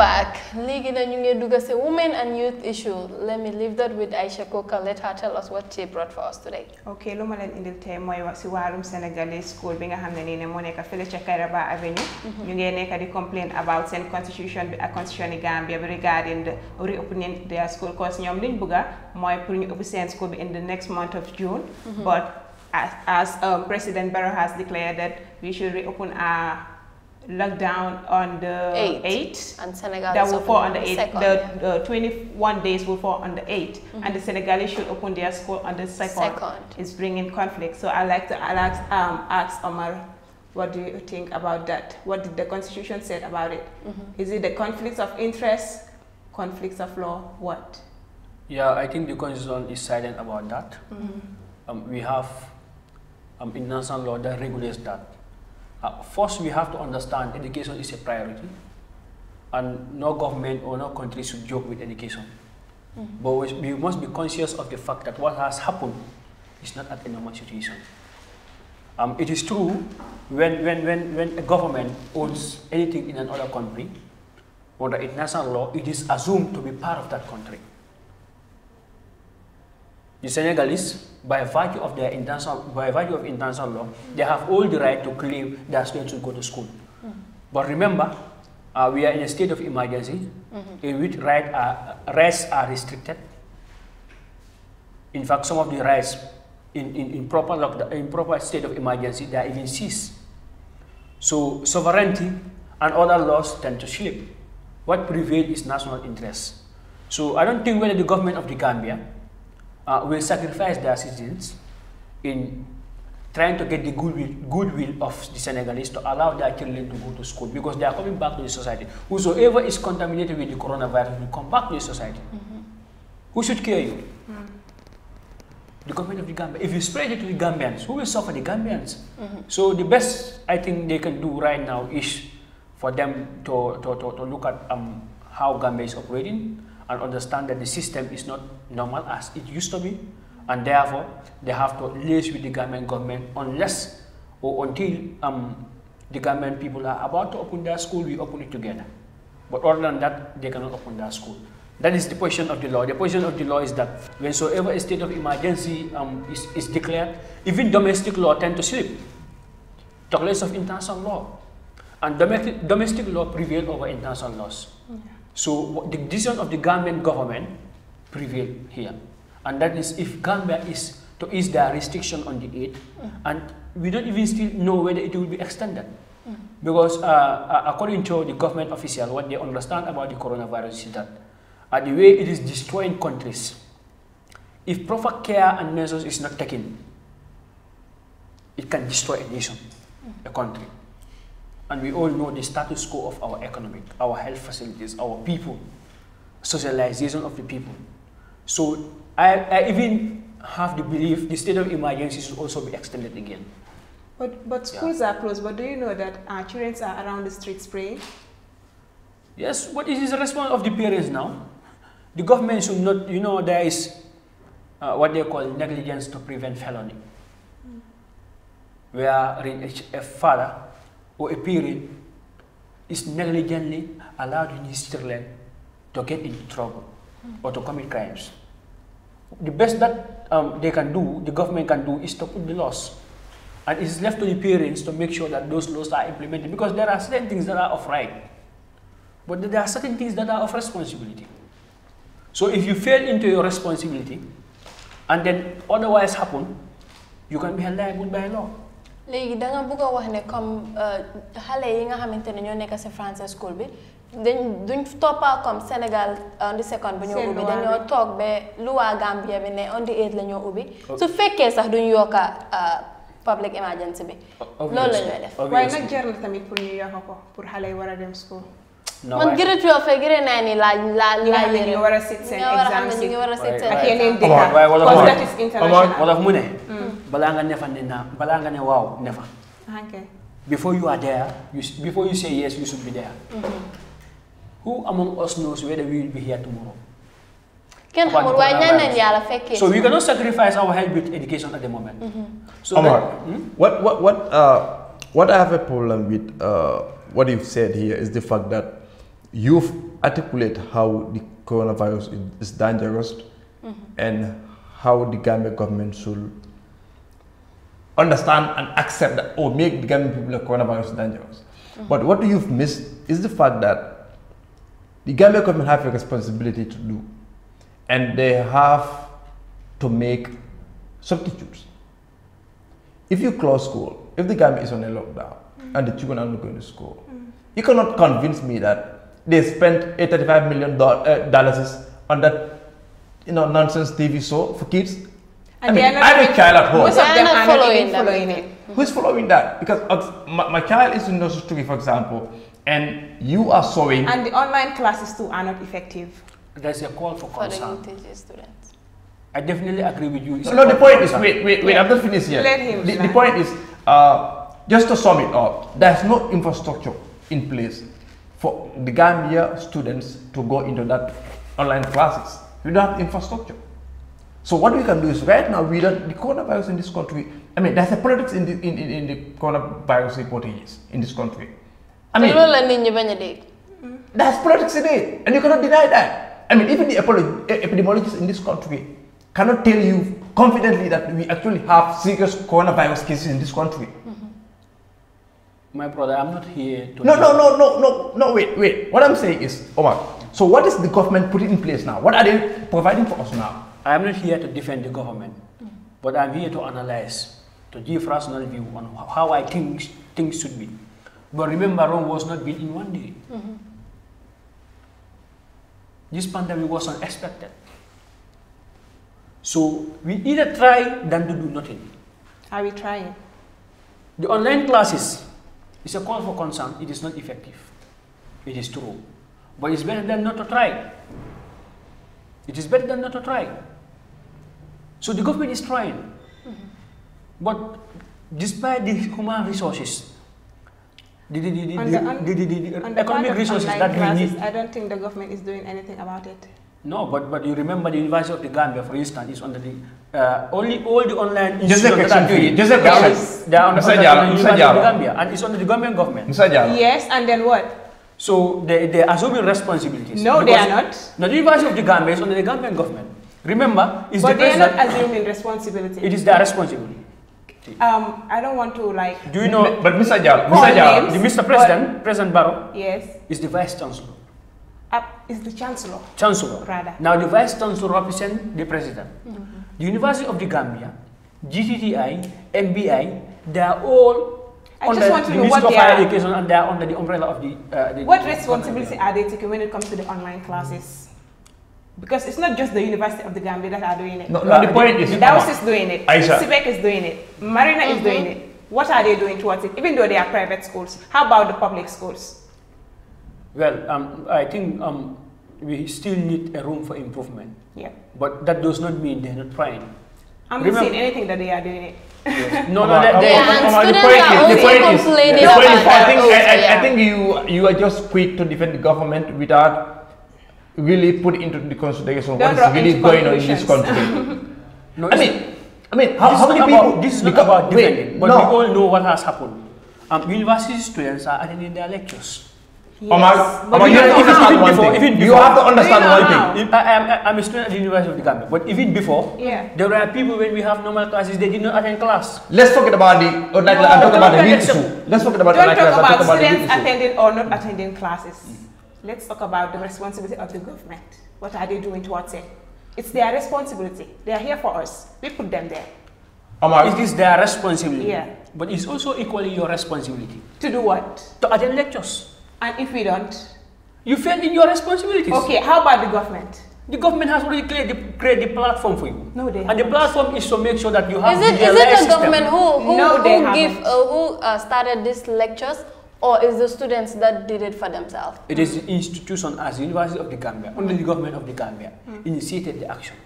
back. Ligina Nyungeduga say women and youth issue. Let me leave that with Aisha Koka. Let her tell us what she brought for us today. Okay, luma len indil te moy wa si warum Senegalese school binga hamne ni ne mo neka fele ci Kairaba Avenue. Mhm. Ñu ngi neka di complain about sen constitution bi ak constitution Gambia bi regarding the reopening their school cause ñom liñ bëgga moy pour ñu ubbi sen school bi in the next month of June. Mhm. But as, as um, lockdown on the 8, and Senegal that will fall on the 8th the 21 days will fall on the 8 mm -hmm. and the Senegalese should open their school on the 2nd second. it's bringing conflict so I like to I like, um, ask Omar what do you think about that what did the constitution said about it? Mm -hmm. Is it the conflicts of interest conflicts of law what yeah I think the constitution is silent about that mm -hmm. um, we have um, international law that regulates that uh, first, we have to understand education is a priority, and no government or no country should joke with education. Mm -hmm. But we must be conscious of the fact that what has happened is not at a normal situation. Um, it is true when, when, when, when a government owns anything in another country, under international law, it is assumed to be part of that country. The Senegalese, by virtue of their international, by virtue of international law, they have all the right to claim their students to go to school. Mm. But remember, uh, we are in a state of emergency mm -hmm. in which right are, rights are restricted. In fact, some of the rights in, in, in, proper, in proper state of emergency, they are even ceased. So sovereignty and other laws tend to slip. What prevails is national interest. So I don't think whether the government of the Gambia uh, will sacrifice their citizens in trying to get the goodwill, goodwill of the Senegalese to allow their children to go to school because they are coming back to the society. Whosoever is contaminated with the coronavirus will come back to the society. Mm -hmm. Who should care you? Mm. The government of the Gambia. If you spread it to the Gambians, who will suffer? The Gambians. Mm -hmm. So the best I think they can do right now is for them to, to, to, to look at um, how Gambia is operating, and understand that the system is not normal as it used to be and therefore they have to live with the government. government unless or until um, the government people are about to open their school, we open it together. But other than that, they cannot open their school. That is the position of the law. The position of the law is that whensoever a state of emergency um, is, is declared, even domestic law tend to slip, talk less of international law. And domestic, domestic law prevail over international laws. Yeah. So the decision of the Gambian government prevailed here. And that is if Gambia is to ease their restriction on the aid, mm. and we don't even still know whether it will be extended. Mm. Because uh, uh, according to the government official, what they understand about the coronavirus is that uh, the way it is destroying countries, if proper care and measures is not taken, it can destroy a nation, mm. a country and we all know the status quo of our economic, our health facilities, our people, socialization of the people. So I, I even have the belief the state of emergency should also be extended again. But, but schools yeah. are closed, but do you know that our children are around the streets praying? Yes, but it is the response of the parents now. The government should not, you know, there is uh, what they call negligence to prevent felony. Mm. Where a father or a parent is negligently allowed his children to get into trouble or to commit crimes. The best that um, they can do, the government can do, is to put the laws. And it's left to the parents to make sure that those laws are implemented because there are certain things that are of right, but there are certain things that are of responsibility. So if you fail into your responsibility and then otherwise happen, you can be liable by law. léegi da nga bëgg a wax ne comme eh, xale yi nga xamante ne eh, ñoo nekk si school bi dañ duñ toppaa comme Sénégal on the second ba ñoo ubbi dañoo toog ba luwaa Gambia bi ne on the eight la ñoo ubbi su fekkee sax duñ yokka eh, public emergency bi loolu la ñuy def waaye nag jar na tamit pour ñu yokk ko pour xale yi war a dem school man gërë tuwa fe gërë naa ni laaj war a sit seen exam si ak yeneen dëkk parce que international balanga never, nena balanga ne wow never. okay before you are there you, before you say yes you should be there mm -hmm. who among us knows whether we will be here tomorrow so we cannot sacrifice our health with education at the moment mm -hmm. so Omar, hmm? what what what uh what i have a problem with uh what you've said here is the fact that you've articulate how the coronavirus is dangerous mm -hmm. and how the Gambia government should understand and accept that or oh, make the Gambian people of coronavirus dangerous. Mm -hmm. But what you've missed is the fact that the Gambian government have a responsibility to do, and they have to make substitutes. If you close school, if the Gambia is on a lockdown mm. and the children are not going to school, mm. you cannot convince me that they spent 85 million million uh, on that you know, nonsense TV show for kids and I mean, I have a child at home. Most of them are not following, following it. Who's following that? Because my, my child is in nursery school, for example, and you are sewing. And the online classes too are not effective. There's a call for concern. For the students. I definitely agree with you. It's no, no the point is, wait, wait, wait, yeah. I'm not finished yet. Let him the, the point is, uh, just to sum it up, there's no infrastructure in place for the Gambia students to go into that online classes. We don't have infrastructure. So what we can do is right now we don't the coronavirus in this country. I mean, there's a politics in the in, in, in the coronavirus reporting in this country. I mean, mm. there's politics in it, and you cannot deny that. I mean, even the epidemiologists in this country cannot tell you confidently that we actually have serious coronavirus cases in this country. Mm -hmm. My brother, I'm not here to. No, no, no, no, no, no. Wait, wait. What I'm saying is, Omar. So what is the government putting in place now? What are they providing for us now? I'm not here to defend the government, mm. but I'm here to analyze, to give rational view on how I think things should be. But remember, Rome was not built in one day. Mm -hmm. This pandemic was unexpected. So we either try than to do nothing. Are we trying? The online classes is a call for concern. It is not effective. It is true. But it's better than not to try. It is better than not to try. So the government is trying. Mm -hmm. But despite the human resources, the, the, the, the, economic resources that we need. I don't think the government is doing anything about it. No, but, but you remember the University of the Gambia, for instance, is under the uh, only all the online just a question for you. Just a question. They are under, the University of the Gambia, and it's under the government. Yes, and then what? So they, they are assuming responsibilities. No, they are not. The University of the Gambia is under the Gambian government. Remember, it's but the they are not assuming responsibility. It is their responsibility. Um, I don't want to like. Do you know? But Mr. Jab, Mr. Jab, the Mr. President, President Barrow. Yes. Is the Vice Chancellor. Uh, is the Chancellor. Chancellor. Rather. Now the Vice Chancellor represents the President. Mm -hmm. The University of the Gambia, GTTI, MBI, they are all I just want to know what they are. under, under the umbrella of the, uh, the What responsibility are they taking when it comes to the online classes? Because it's not just the University of the Gambia that are doing it. No, no, no the point is... Daos is doing it. Aisha. is doing it. Marina mm -hmm. is mm-hmm. doing it. What are they doing towards it? Even though they are private schools, how about the public schools? Well, um, I think um, we still need a room for improvement. Yeah. But that does not mean they're not trying. I'm not seeing anything that they are doing it no, no, that, they, the I think, I, think you you are just quick to defend the government without really put into the consideration is really going on in this country. no, I mean, I mean, how, how many people? About, this is not about defending, wait, but no. we all know what has happened. Um, university students are attending their lectures. Yes. you, have to understand one before, thing. you have to understand one thing. I, am a student at the University of the Gambia, but even before, yeah. there are people when we have normal classes, they did not attend class. Let's talk about the uh, like, I'm talking about the Let's talk about don't talk about, students attending or not attending classes. Mm. Let's talk about the responsibility of the government. What are they doing towards it? It's their responsibility. They are here for us. We put them there. Omar. It is their responsibility. Yeah. But it's also equally your responsibility. To do what? To attend lectures. And if we don't? You fail in your responsibilities. Okay, how about the government? The government has already created the, created the platform for you. No, they haven't. And the platform is to make sure that you have Is it the system. government who, who, no, who, give, uh, who uh, started these lectures or is the students that did it for themselves? It is the institution as the University of the Gambia, under the government of the Gambia, mm. initiated the action.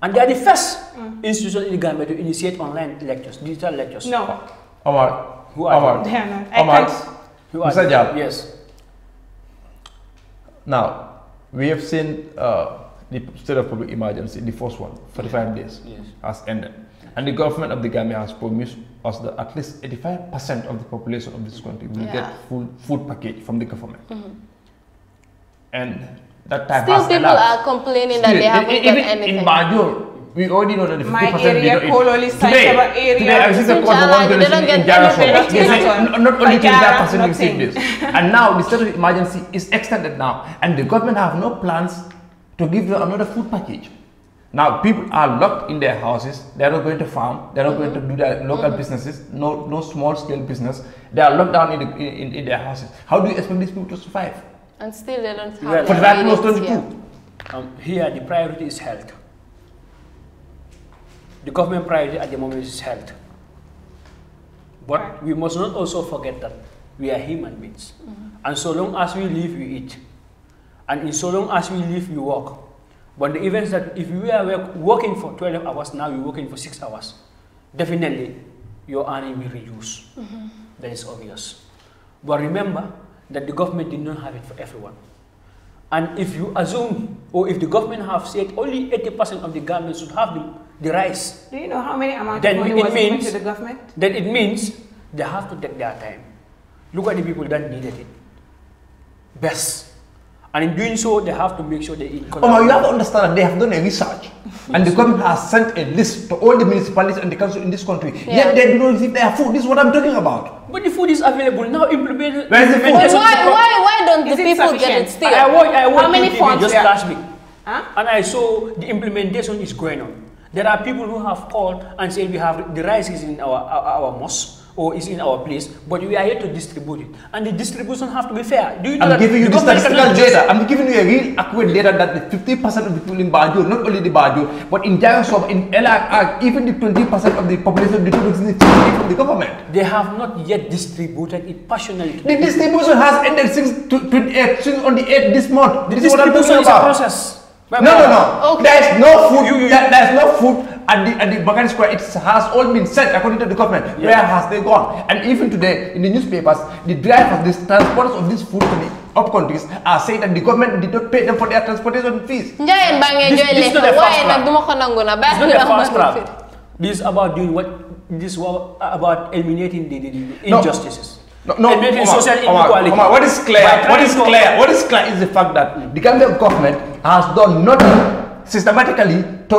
And they are the first mm. institution in the Gambia to initiate online lectures, digital lectures. No. Omar. Who are Omar. they are not. I Omar. can't. Who Mr. Yes. Now, we have seen uh, the state of public emergency, the first one, 45 days, yes. has ended. And the government of the Gambia has promised us that at least 85% of the population of this country will yeah. get full food package from the government. Mm -hmm. And that time Still has people are complaining Still, that they haven't even got anything. In Banjul, we already know that the 50% My area, they don't eat. Today, area. today I've seen the court for one donation in Jara Not, only did that person nothing. receive this. and now the state of emergency is extended now. And the government have no plans to give them another food package. Now people are locked in their houses. They are not going to farm. They are not mm -hmm. going to do their local mm -hmm. businesses. No, no small scale business. They are locked down in, the, in, in their houses. How do you expect these people to survive? And still they don't have. Well, for that, close to Um, here the priority is health. The government priority at the moment is health. But we must not also forget that we are human beings. Mm -hmm. And so long as we live, we eat. And in so long as we live, we work. But the events that if we are working for 12 hours, now you're working for 6 hours, definitely your earning will reduce. Mm -hmm. That is obvious. But remember that the government did not have it for everyone. And if you assume, or if the government have said only 80% of the government should have the the rice. Do you know how many amount then of money was means, given to the government? Then it means they have to take their time. Look at the people that needed it best. And in doing so, they have to make sure they eat. Omar, oh, you have to understand that they have done a research. and the government has sent a list to all the municipalities and the council in this country. Yeah. Yet they do not receive their food. This is what I'm talking about. But the food is available. Now implement Where is the food? Why, why, why don't is the people sufficient? get it still? I, I, I How many funds? Just last week. Huh? And I saw the implementation is going on. There are people who have called and said we have the rice is in our, our, our mosque or is in our place, but we are here to distribute it. And the distribution have to be fair. Do you know I'm that giving you the statistical data. I'm giving you a real accurate data that the 50% of the people in Bajo, not only the Bajo, but in Jayasob, in LRR, even the 20% of the population the products is from the government. They have not yet distributed it personally. The distribution has ended since, to, to, uh, eh, since on the 8th this month. The this distribution is, is a process no, no, no. Okay. There is no food. You, you, there, there is no food at the at the Baghdad Square. It has all been set according to the government. Yeah. Where has they gone? And even today, in the newspapers, the drivers, these transporters of this food to the up countries are saying that the government did not pay them for their transportation fees. Njayen ba ngeen jooy lekk fast track. This about doing what this about eliminating the, the, the injustices. No. No, no, and Omar, social inequality. Omar, Omar, what is clear? What is clear? What is clear is the fact that the Gambian government has done nothing systematically to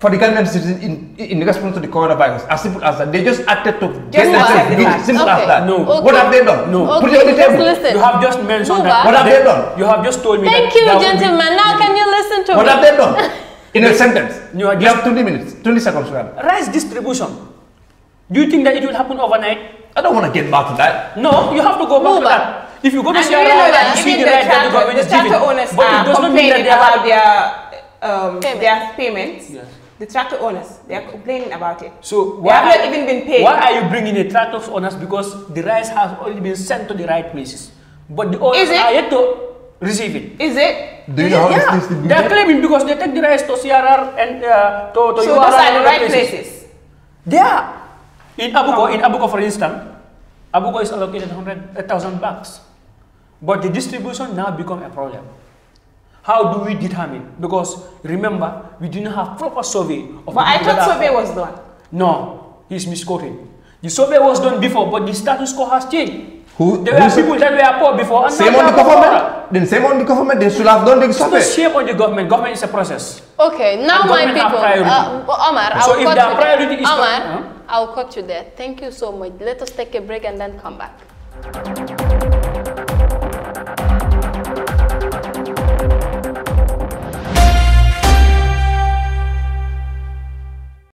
for the Gambian citizens in, in response to the coronavirus. As simple as that. They just acted to get yes, themselves Simple okay. as that. No. Okay. What have they done? No. Okay. Put it on the table. Listen. You have just mentioned Move that. What have they, they done? You have just told me Thank that. Thank you, that gentlemen. Now can you listen to what me? What have they done? In a sentence. You, you have 20 minutes, 20 seconds. Rather. Rice distribution. Do you think that it will happen overnight? I don't want to get back to that. No, you have to go back no, to that. If you go to and Sierra see the right that the government is giving, but it does not mean that they about their um, Payment. their payments. The tractor owners, they are complaining about it. So why they have not even been paid. Why are you bringing the tractor owners? Because the rice has already been sent to the right places, but the owners are yet to receive it. Is it? Do you know how yeah. They are claiming because they take the rice to Sierra and uh, to to so the right places. places. They are. In Abuko, in Abuko, for instance, Abuko is allocated 100,000 bucks. But the distribution now become a problem. How do we determine? Because remember, we didn't have proper survey. Of but I thought survey was done. No, he's misquoting. The survey was done before, but the status quo has changed. Who, there were people that were poor before. And same on the government. Then same on the government. They should have done the survey. shame on the government. Government is a process. Okay, now my people. Uh, Omar, so I'll if their priority is Omar, not, I'll cut you there. Thank you so much. Let us take a break and then come back.